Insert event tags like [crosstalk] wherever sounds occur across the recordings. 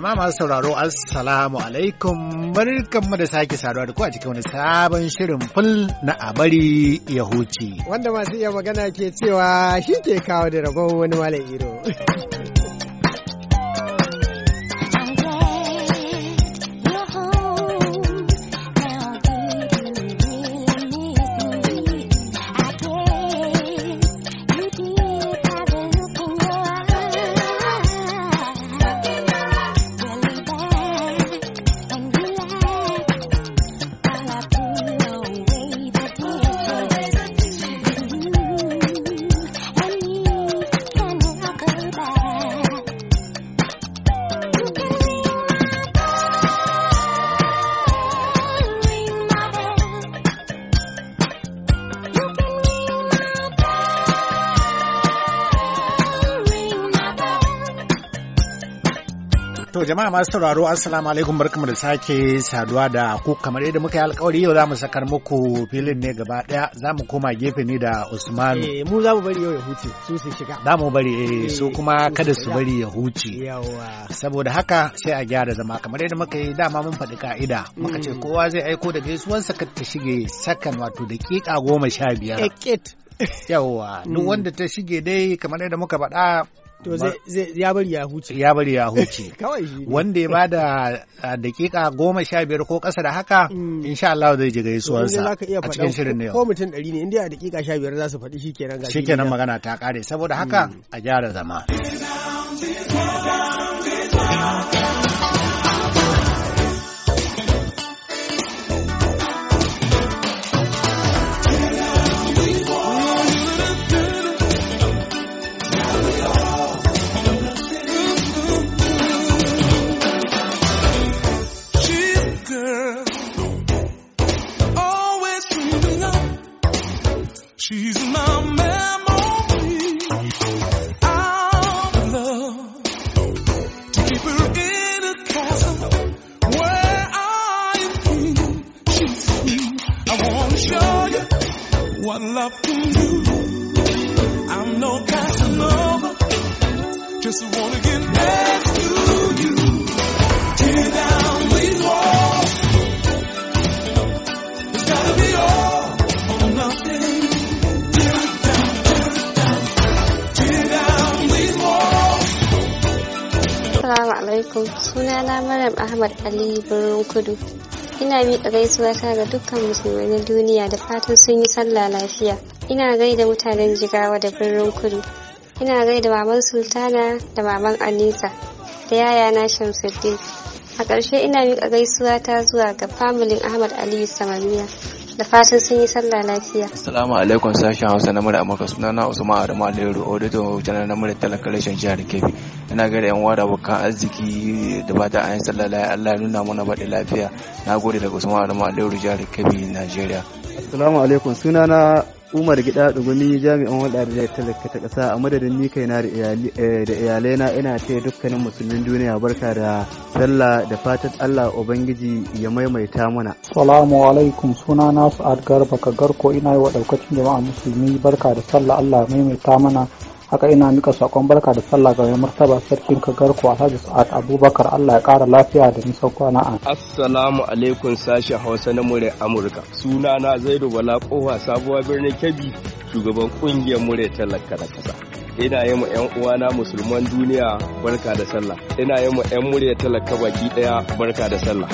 Jama'a masu sauraro Assalamu alaikum barkanmu da sake saduwa da ku a cikin wani sabon shirin ful na abari ya huce. Wanda masu iya magana ke cewa shi ke kawo da rabon wani malam iro. [laughs] Jama'a masu sauraro Assalamu alaikum barkamu da sake saduwa da ku kamar yadda muka yi alkawari yau za mu sakar muku filin ne gaba daya za mu koma gefe ne da Usmanu. Eh mu za mu bari yau ya huce su su shiga. Za mu bari eh, eh su kuma kada su bari ya huce. Yawa. Saboda haka sai a gyara zama kamar yadda muka yi dama mun faɗi ka'ida muka ce mm. kowa zai aiko da gaisuwansa sa ta shige sakan wato daƙiƙa goma sha biyar. Yawa duk mm. wanda ta shige dai kamar yadda muka faɗa To zai ya bari ya huce. Ya bari ya huce. [laughs] Kawai shi. Wanda ya da dakika goma sha biyar ko ƙasa da haka mm. insha Allah zai ji gaisuwarsa a cikin shirin ne yau. Ko mutum ɗari ne inda a dakika sha biyar za su faɗi shi kenan Shi kenan magana ta ƙare saboda haka mm. a gyara zama. alaikum. na maram Ahmad Ali Birnin Kudu. Ina miƙa gaisuwa ta ga dukkan musulmai na duniya da fatan sun yi sallah lafiya. Ina gaida mutanen Jigawa da Birnin Kudu. Ina gaida Maman Sultana da Maman Anisa da yaya na Shamsuddin. A ƙarshe ina miƙa gaisuwa ta zuwa ga familin Ahmad Ali Samaniya. da fatan sun yi sallah lafiya assalamu alaikum sashen hausa na murya amurka sunana usman adamu aliyu auditor hotuna na murya talaka rashin jihar kebbi ina gaida yan wada abokan arziki da ba ta ayin sallah lafiya allah nuna mana baɗi lafiya na gode daga usman adamu aliyu jihar kebbi najeriya assalamu alaikum sunana Umar Gida Dugumi jami'an hulɗar da talaka ta ƙasa a madadin ni kaina da eh, iyalai na ina ta dukkanin musulmin duniya barka da sallah da fatan Allah Ubangiji ya maimaita mana. Salamu alaikum suna na Adgar Garba garko ina yi wa ɗaukacin jama'a musulmi barka da sallah Allah maimaita mana haka ina mika sakon barka da sallah ga martaba sarkin kagar Alhaji Sa'ad Abubakar Allah ya kara lafiya da nisan kwana a. Assalamu alaikum sashen Hausa na muryar Amurka. Suna na Zaidu Bala Kofa sabuwa birnin Kebbi shugaban kungiyar murya talaka na kasa. Ina yi ma 'yan uwana musulman duniya barka da sallah. Ina yi ma 'yan murya talaka baki ɗaya barka da sallah.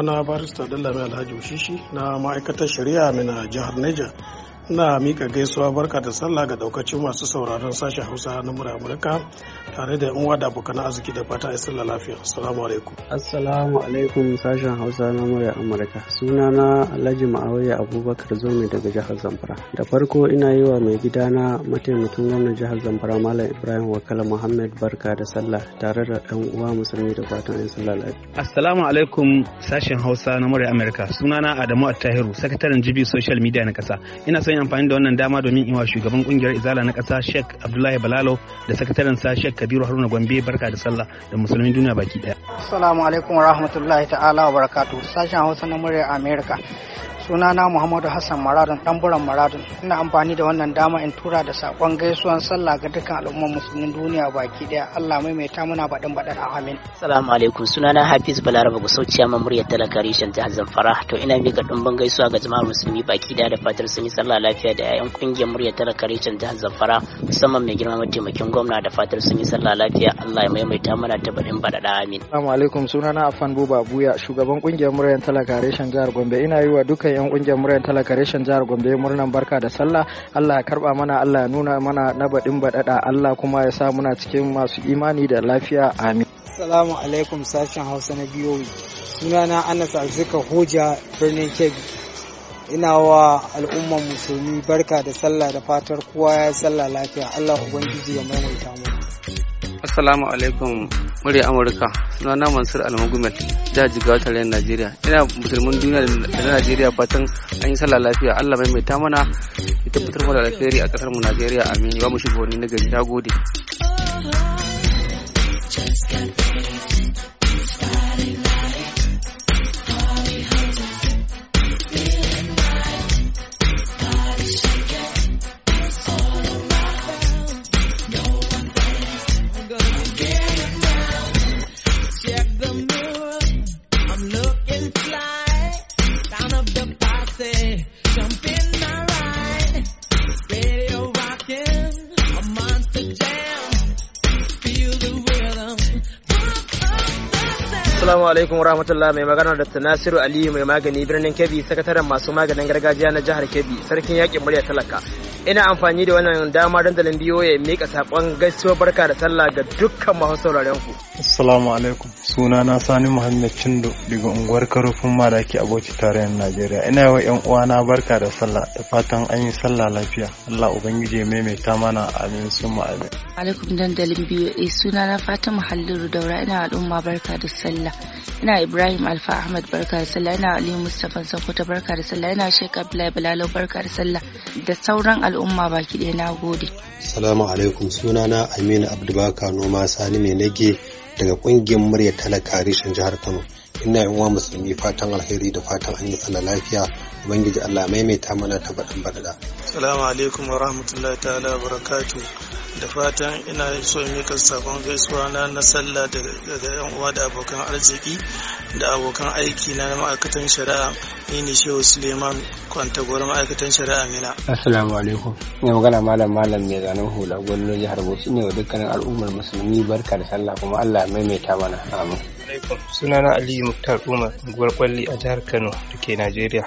sunana barista mai alhaji ushishi na ma'aikatar shari'a mina jihar niger na mika gaisuwa barka da sallah ga daukacin masu sauraron sashi hausa na mura amurka tare da yan da abokan arziki da fata a sallah lafiya assalamu alaikum assalamu alaikum sashen hausa na mura amurka suna na alhaji ma'awiya abubakar zomi daga jihar zamfara da farko ina yi wa mai gida na mataimakin gwamnan jihar zamfara malam ibrahim wakala muhammad barka da sallah tare da yan uwa musulmi da fatan a sallah lafiya assalamu alaikum sashen hausa na mura amurka suna na adamu attahiru sakataren jibi social media na kasa ina son yi amfani da wannan dama domin in shugaban kungiyar izala na kasa Sheikh Abdullahi Balalo da sakataren sa shek Kabiru Haruna Gombe barka da sallah da musulmin duniya baki daya. Assalamu alaikum wa rahmatullahi ta'ala wa barakatu Sashen Hausa na muryar Amerika. sunana muhammadu hassan maradun buran maradun ina amfani da wannan dama in tura da sakon gaisuwan sallah ga dukkan al'ummar musulmin duniya baki daya allah maimaita muna baɗin baɗin amin salamu alaikum sunana hafiz balaraba gusauciya ma muryar talaka reshen jihar zamfara to ina miƙa ɗumbin gaisuwa ga jama'ar musulmi baki daya da fatar sun yi sallah lafiya da 'ya'yan kungiyar murya tara kare can jihar Zamfara musamman mai girma mataimakin gwamna da fatar sun yi sallah lafiya Allah ya maimaita mana ta baɗin baɗaɗa amin. Assalamu alaikum sunana Afan Buba Buya shugaban kungiyar muryar talakare shan jihar Gombe ina yi wa dukkan 'yan kungiyar muryar talakare shan jihar Gombe murnan barka da sallah Allah ya karba mana Allah ya nuna mana na baɗin baɗaɗa Allah kuma ya sa muna cikin masu imani da lafiya amin. Assalamu alaikum sashen Hausa na biyoyi e. sunana Anas Hoja birnin Kebbi. ina wa al'umman musulmi barka da sallah da fatar kowa ya sallah lafiya Allah ubangiji ya maimaita mu Assalamu alaikum murya Amurka sunana Mansur Almagumel da jigawa tarayyar Najeriya ina musulmin duniya da na Najeriya fatan an yi sallah lafiya Allah maimaita mana ya tabbatar mana da alheri a kasar mu Najeriya amin ba mu ni na gari gode oh, oh, oh, Just Assalamu alaikum warahmatullah mai magana da Nasiru Aliyu mai magani birnin Kebbi sakataren masu maganin gargajiya na jihar Kebbi sarkin yakin murya talaka ina amfani da wannan dama dandalin biyo ya mika sakon gaisuwar barka da sallah ga dukkan masu sauraren ku assalamu alaikum suna na sani muhammad cindo daga unguwar karofin madaki aboki tarayyar najeriya ina yawa yan uwana barka da sallah da fatan an yi sallah lafiya allah ubangiji ya maimaita mana amin summa amin alaikum dandalin biyo ya eh, suna na fatima muhallin Rudaura ina al'umma barka da sallah ina ibrahim alfa ahmad barka da sallah ina Ali mustapha sankuta barka da sallah ina sheikh abdullahi balalo barka da sallah da sauran al'umma baki ɗaya na gode. Salamu alaikum sunana Aminu Abdubakar Noma Sani mai nage daga ƙungiyar murya talaka reshen jihar Kano. Ina yin wa musulmi fatan alheri da fatan an yi tsala lafiya ubangiji Allah maimaita mana ta baɗan barda Salamu alaikum wa rahmatullahi ta'ala wa barakatu da fatan ina so in mika sabon gaisuwa na na sallah daga yan uwa da abokan arziki da abokan aiki na ma'aikatan shari'a ni ne shehu suleiman kwantagwar ma'aikatan shari'a mina assalamu alaikum Ina magana malam malam mai zanen hula gwallo jihar bauchi ne wa dukkanin al'ummar musulmi barka da sallah kuma allah maimaita mana amin sunana aliyu muktar umar gwalkwalli a jihar kano da ke najeriya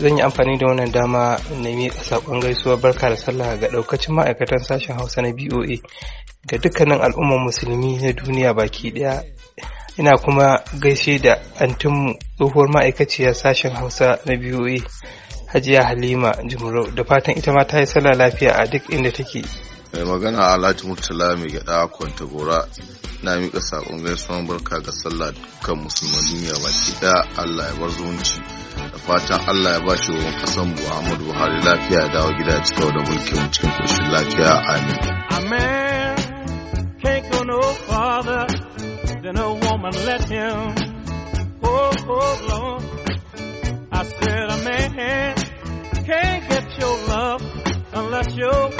zan yi amfani da wannan dama na a saƙon gaisuwa barka da sallah ga ɗaukacin ma'aikatan sashen hausa na boa ga dukkanin al'ummar musulmi na duniya baki ɗaya ina kuma gaishe da antinmu tsohuwar ma'aikaciyar sashen hausa na boa hajiya halima jimrau da fatan ita ma ta yi sallah lafiya a duk inda take mai magana a alhaji murtala mai gyada kwanta gora na mika saƙon gaisuwan barka ga sallah kan musulman duniya baki da allah ya bar zumunci da fatan allah ya shi wa kasan muhammadu buhari lafiya da dawo gida cika da mulkin cikin koshin lafiya amin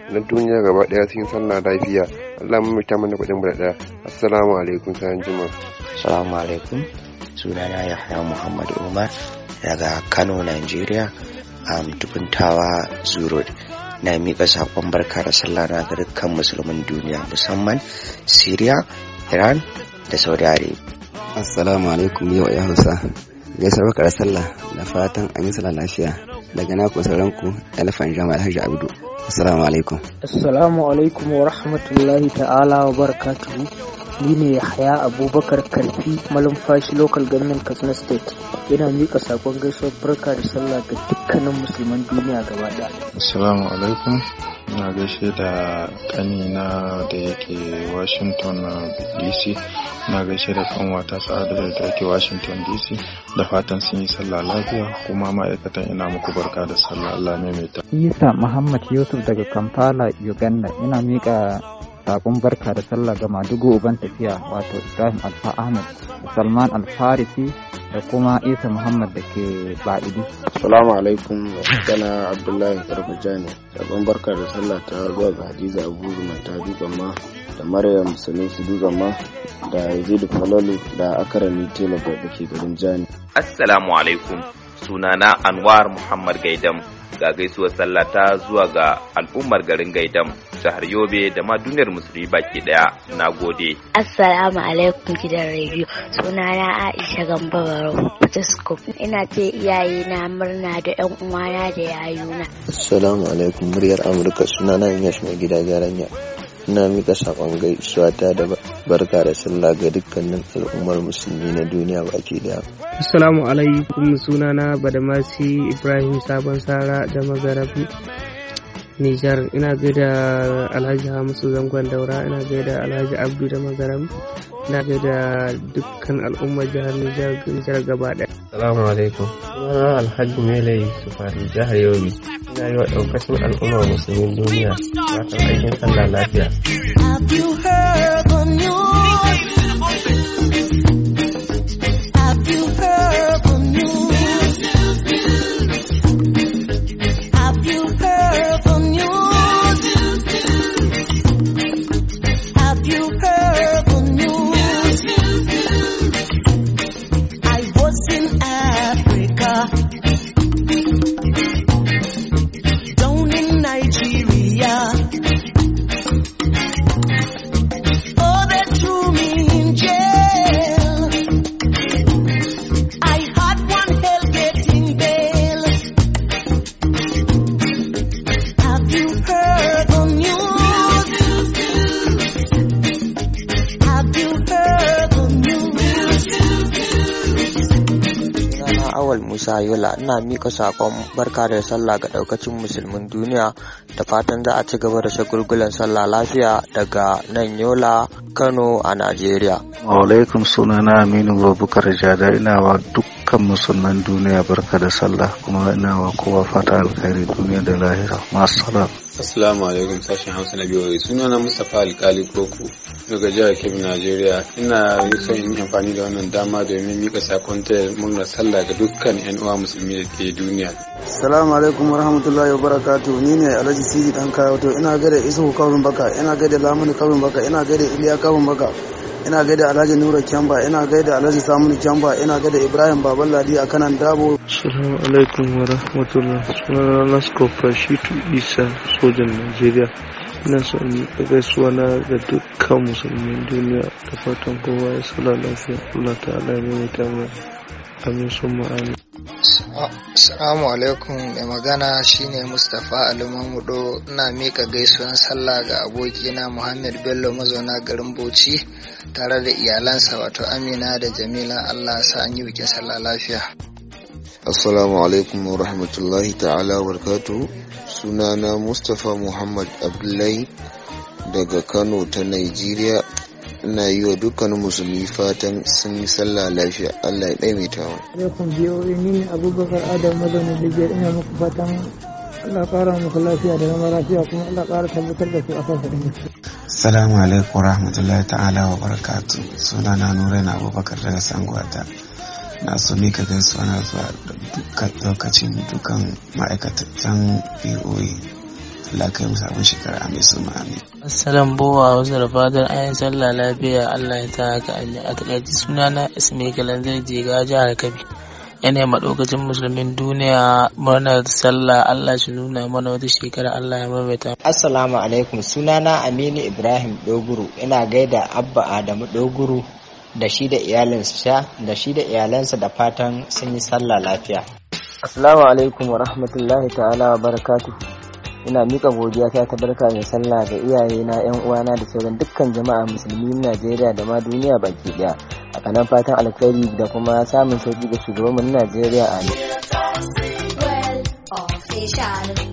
don duniya gaba daya sun sallah lafiya Allah mu mita mana kuɗin mu da assalamu alaikum sayan juma assalamu alaikum sunana Yahya Muhammad Umar daga Kano Nigeria um, tukuntawa zurod na miƙa saƙon barka da sallah na ga dukkan musulmin duniya musamman syria iran da saudi arabia assalamu alaikum yau ya hausa gaisar barka da sallah da fatan an yi sallah lafiya daga naku sauranku elefan jama'a hajji abdu Assalamu alaikum. Assalamu alaikum wa rahmatullahi ta'ala wa barakatu Ni ne Yahaya Abubakar Karfi Malumfashi Local Government Katsina State. Yana miƙa sakon gaisuwar barka da sallah ga dukkanin musulman duniya gaba ɗaya. Assalamu alaikum. na gaishe da kanina da yake washington uh, dc na gaishe da kanwata sa'adu da yake washington dc da fatan sun yi sallah lafiya kuma ma'aikatan ina muku barka da sallah allah ta isa muhammad yusuf daga kampala uganda ina miƙa sakon barka da sallah ga madugu uban tafiya wato ibrahim alfa ahmad salman alfarisi da kuma isa muhammad da ke ba'idi salamu alaikum kana abdullahi karfajani sakon barka da sallah ta zuwa ga hadiza abubuwan ta dukan ma da maryam sanusi dukan ma da yazidu falalu da akarami tela da ke garin jani assalamu alaikum sunana anwar muhammad gaidam ga gaisuwar sallah ta zuwa ga al'ummar garin gaidam jihar yobe da ma duniyar musulmi baki daya na gode assalamu alaikum gidan rediyo suna na aisha gambawa Disco. Ina ce iyaye na murna da yan uwana da yayuna. Assalamu alaikum muryar Amurka sunana Inyash mai gida Jaranya. Ina mika sakon gaisuwa ta da barka da sallah ga dukkanin al'ummar musulmi na duniya baki daya assalamu alaikum sunana badamasi ibrahim sabon sara da magarabi Nijar ina gaida Alhaji Hamisu Zangon Daura ina gaida Alhaji Abdu da Magaram na da dukkan al'ummar jihar Nijar gaba ɗaya. Salamu alaikum. Sunana Alhaji Mele Sufari jihar Yobe. Ina yi wa ɗaukacin al'ummar musulmin duniya fatan aikin sallah lafiya. Yola ina mika sakon barka da sallah ga ɗaukacin musulmin duniya da fatan za a ci gaba da shagulgulan sallah lafiya daga nan Yola Kano a Najeriya. Alaikum sunana Aminu Babukar Jada ina wa dukkan musulman duniya barka da sallah kuma ina wa kowa fata alkhairi duniya da lahira. Masu Assalamu alaikum sashen Hausa na biyu suna na Mustapha Alkali Koko daga jihar Kebbi Najeriya ina son yin amfani da wannan dama domin mika sakon taya murnar sallah ga dukkan yan uwa musulmi da ke duniya. Assalamu alaikum warahmatullahi wabarakatuh ni ne Alhaji Sidi dan kawo to ina gaida Isuhu Kawun Baka ina gaida Lamini Kawun Baka ina gaida Iliya Kawun Baka ina gaida alhaji nura kyamba ina gaida alhaji samuni kyamba ina gaida ibrahim baban ladi a kanan dabo assalamu alaikum wa rahmatullah sunana nas kofa shitu isa sojan najeriya ina so in yi gaisuwa na ga dukkan musulmin duniya da fatan kowa ya sala lafiya allah ala ya mai tamar amin sun ma'ani Assalamu alaikum mai magana shine Mustapha Ali Mamudo ina mika gaisuwan sallah ga abokina Muhammad Bello mazauna garin Bauchi tare da iyalansa wato Amina da Jamila Allah sa an yi bikin sallah lafiya. Assalamu alaikum wa rahmatullahi ta'ala wa sunana mustapha muhammad abdullahi daga kano ta nigeria ina yi wa dukkan musulmi fatan sun yi sallah lafiya allah ya ɗaimaita wa alaikum biyoyi ni ne abubakar adam mazaunin libya ina muku fatan allah ƙara muku lafiya da zama lafiya kuma allah ƙara tabbatar da su a kan faɗin salamu alaikum rahmatullahi ta'ala wa barakatu sunana nuraina abubakar daga sanguwata na so ne ka gan su ana zuwa lokacin dukan ma'aikatan boe Allah kai mu sabon shekara mai suna ne. Assalam bowa wasu rafadar ayin sallah lafiya Allah ya ta haka an a takaici suna na ismi kalandar jiga jihar Kabi. Yanayin maɗaukacin musulmin duniya murnar sallah Allah shi nuna mana wata shekara Allah ya maimaita. Assalamu alaikum sunana Aminu Ibrahim Doguru ina gaida Abba Adamu Doguru da shi da iyalinsa da shi da iyalansa da fatan sun yi sallah lafiya assalamu alaikum wa rahmatullahi ta'ala wa barakatu ina mika godiya ta ta barka mai sallah ga iyaye na yan uwana da sauran dukkan jama'a musulmi Najeriya da ma duniya baki ɗaya, a kanan fatan alkhairi da kuma samun sauki ga shugabanmu na Najeriya a yau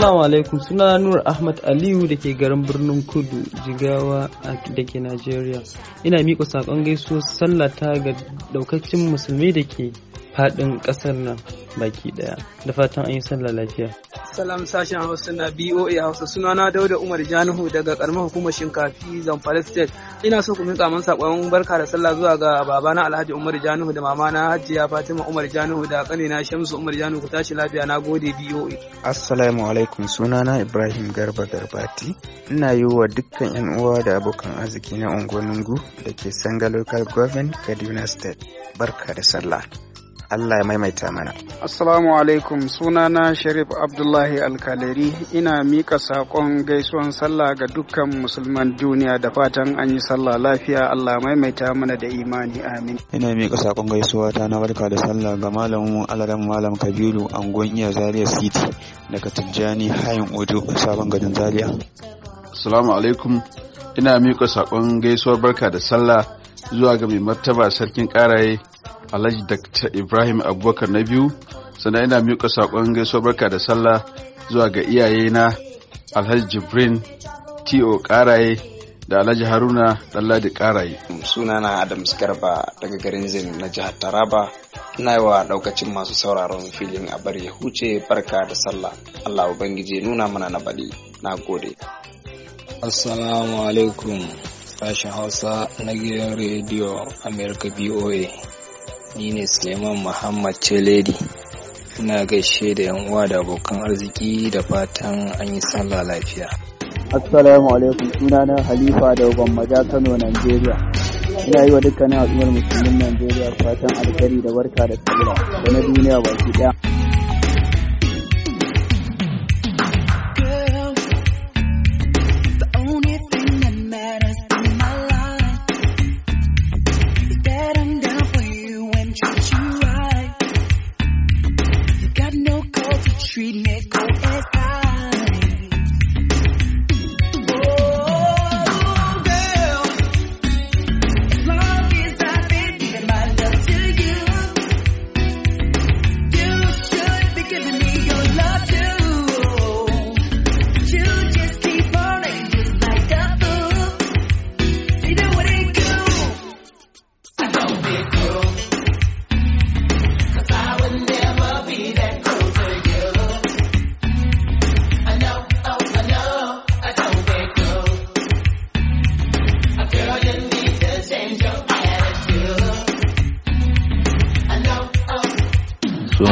Assalamu alaikum suna Nur Ahmad Aliyu da ke garin birnin Kudu Jigawa da ke Najeriya. Ina miƙa saƙon gaisuwar sallata ga daukacin musulmi da ke faɗin ƙasar nan baki ɗaya. Da fatan an yi sallah lafiya. Salam sashen Hausa na BOA Hausa suna sunana Dauda Umar Janihu daga ƙaramar hukumar Shinkafi Zamfara State. ina so ku mika min sakon barka da sallah zuwa ga babana Alhaji Umar Januhu da mamana Hajiya Fatima Umar Januhu da na Shamsu Umar Januhu ku tashi lafiya na gode BOA Assalamu alaikum sunana Ibrahim Garba Garbati ina yi wa dukkan yan uwa da abokan arziki na ungu-nungu da ke Sanga Local Government Kaduna State barka da sallah Allah ya maimaita mana. Assalamu alaikum sunana Sharif Abdullahi Alkaleri ina mika saƙon gaisuwan sallah ga dukkan musulman duniya da fatan an yi sallah lafiya Allah maimaita mana da imani amin. Ina mika saƙon gaisuwa ta na barka da sallah ga Malam alaran malam Kabiru angon iya Zaria City daga Tijjani Hayin Ojo sabon garin Zaria. Assalamu alaikum ina mika saƙon gaisuwar barka da sallah zuwa ga mai martaba sarkin karaye alhaji dr ibrahim abubakar na biyu sannan ina miƙa saƙon gaisuwar barka da sallah zuwa ga iyaye na alhaji jibrin to ƙaraye da alhaji haruna ɗanladi ƙaraye sunana adams garba daga garin zin na jihar taraba na yi wa ɗaukacin masu sauraron filin a bari huce barka da sallah allah ubangiji nuna mana na baɗi na gode assalamu alaikum sashen hausa na gidan rediyo amerika boa ni ne suleiman muhammad celedi ina gaishe da yan uwa da abokan arziki da fatan an yi sallah lafiya assalamu alaikum na halifa da gwammaja kano nigeria ina yi wa dukkanin al'ummar musulmin nigeria fatan alkhairi da barka da tsira da na duniya baki daya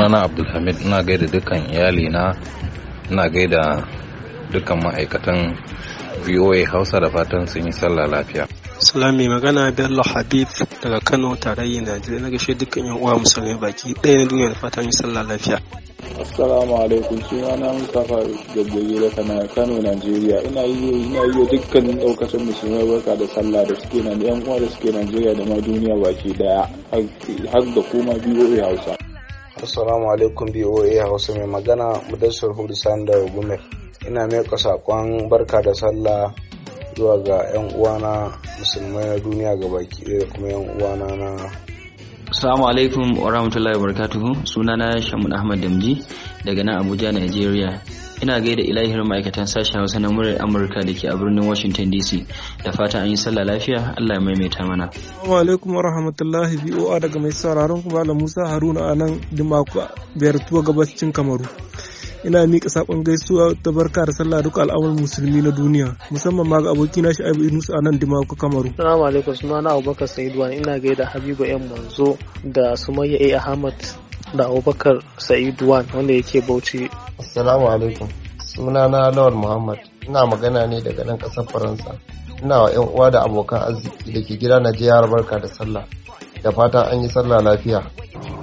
sunana abdulhamid ina gaida dukkan iyali na ina gaida dukkan ma'aikatan voa hausa da fatan sun yi sallah lafiya salami magana bello habib daga kano tarayyar najeriya na gashe dukkan yan uwa musulmi baki ɗaya na duniya da fatan yi sallah lafiya assalamu alaikum suna na da gaggaje da kana kano najeriya ina yi ina yi dukkan daukacin musulmai barka da sallah da suke nan yan uwa da suke najeriya da ma duniya baki daya har da kuma biyo hausa Assalamu alaikum BOA Hausa mai magana Mudassar Hudu Sandar Gumel. Ina miƙa saƙon barka da sallah zuwa ga 'yan uwana musulmai na duniya ga baki da kuma 'yan uwana na Assalamu alaikum wa rahmatullahi wa barakatuhu sunana Shamun Ahmad Damji daga nan Abuja Nigeria ina gaida ilahiyar ma'aikatan sashen hausa na murar amurka da ke a birnin washington dc da fata an yi sallah lafiya allah ya maimaita mana wa alaikum wa rahmatullahi boa daga mai sauraron kuma da musa haruna a nan dimaku biyar tuwa gabacin kamaru ina miƙa saƙon gaisuwa ta barka da sallah duka al'amuran musulmi na duniya musamman ma ga aboki na Shu'aibu Yunus a nan Dimako Kamaru. Assalamu alaikum sunana Abubakar wani ina gaida Habibu yan Manzo da Sumayya A Ahmad da Abubakar Sa'id Wan ya yake Bauchi. Assalamu alaikum. na Lawal Muhammad. Ina magana ne daga nan kasar Faransa. Ina wa 'yan uwa da abokan arziki da ke gida na jihar barka da sallah. Da fatan an yi sallah lafiya.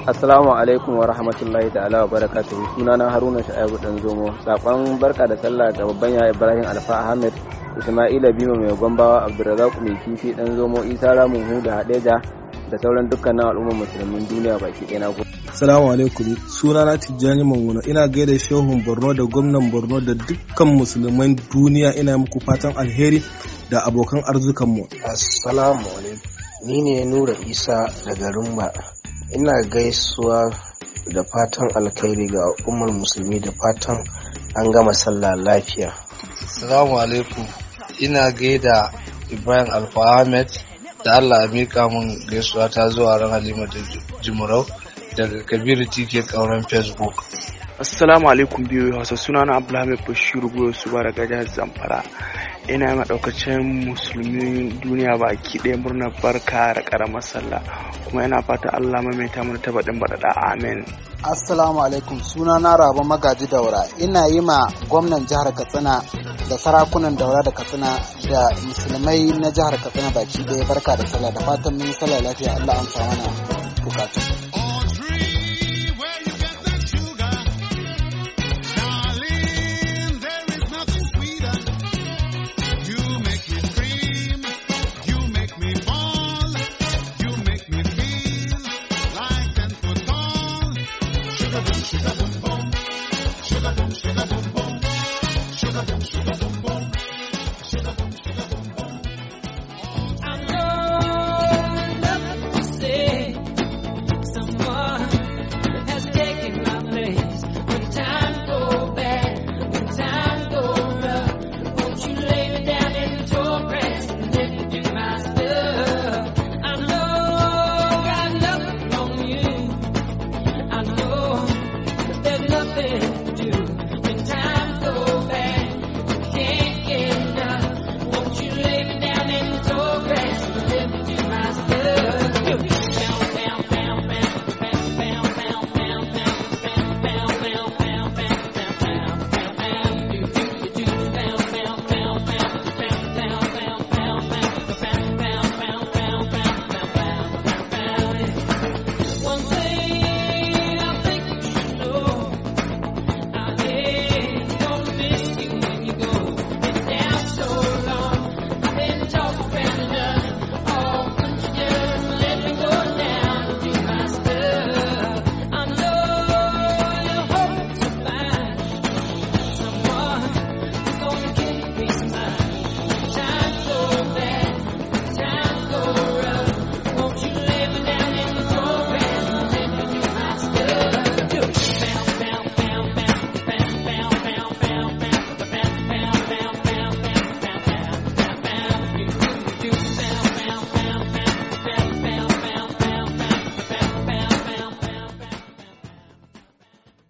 Assalamu alaikum wa rahmatullahi da ta'ala wa barakatuhu. na Haruna Sha'ibu dan Zomo. Sakon barka da sallah ga babban ya Ibrahim Alfa Ahmed. Isma'ila Bima mai gombawa Abdulrazak mai kifi dan Zomo Isa Ramun da Hadeja da sauran dukkanin al'ummar musulmin duniya baki ɗaya na gode. Salamu alaikum na Tijjani Mangwano ina gaida shehun Borno da gwamnan Borno da dukkan musulman duniya ina muku fatan alheri da abokan arzikanmu. Assalamu alaikum ni ne Nura Isa da garin ba ina gaisuwa da fatan alkhairi ga al'ummar musulmi da fatan an gama sallah lafiya. Assalamu alaikum ina gaida Ibrahim Alfa Ahmed da Allah ya mika mun gaisuwa ta zuwa ran Halima da Jimurau daga Kabiru Tike kauran Facebook. Assalamu alaikum biyu Hausa suna na Abdulhamid Bashiru Goyo Suba daga jihar Zamfara. Ina yi maɗaukacin musulmin duniya baki ɗaya murnar barka da ƙaramar sallah kuma yana fata Allah maimaita mana ta baɗin baɗaɗa amin. Assalamu alaikum suna na Rabo Magaji Daura ina yi ma gwamnan jihar Katsina da sarakunan daura da katsina da musulmai na jihar katsina baki daya barka da sallah da fatan mun sallah lafiya allah mana bukatu